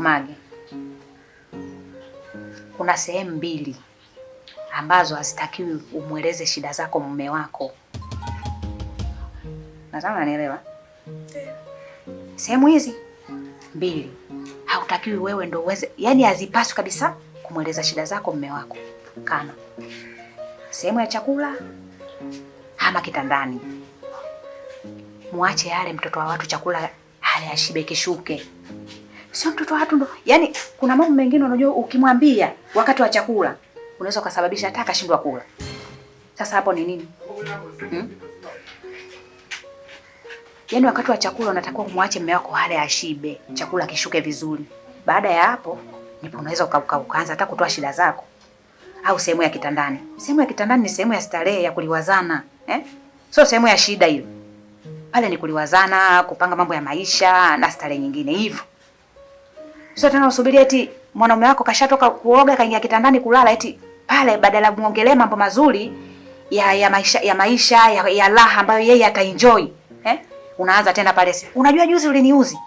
Mage, kuna sehemu mbili ambazo hazitakiwi umweleze shida zako mume wako. Nadhani unanielewa. Sehemu hizi mbili hautakiwi wewe ndo uweze, yani hazipaswi kabisa kumweleza shida zako mume wako, kama sehemu ya chakula ama kitandani. Muache yale mtoto wa watu chakula hale ashibe kishuke sio mtoto wa watu ndo. Yaani kuna mambo mengine unajua ukimwambia wakati wa chakula unaweza ukasababisha hata akashindwa kula. Sasa hapo ni nini? Hmm? Yaani wakati wa chakula unatakiwa kumwache mume wako hale ashibe, chakula kishuke vizuri. Baada ya hapo ndipo unaweza ukaanza hata kutoa shida zako au sehemu ya kitandani. Sehemu ya kitandani ni sehemu ya starehe ya kuliwazana, eh? Sio sehemu ya shida hiyo. Pale ni kuliwazana, kupanga mambo ya maisha na starehe nyingine hivyo. Sio tena usubiri eti mwanaume wako kashatoka kuoga kaingia kitandani kulala eti pale badala muongelee mambo mazuri ya ya maisha ya maisha ya, ya raha ambayo yeye ataenjoy. Eh? Unaanza tena pale. Unajua juzi uliniuzi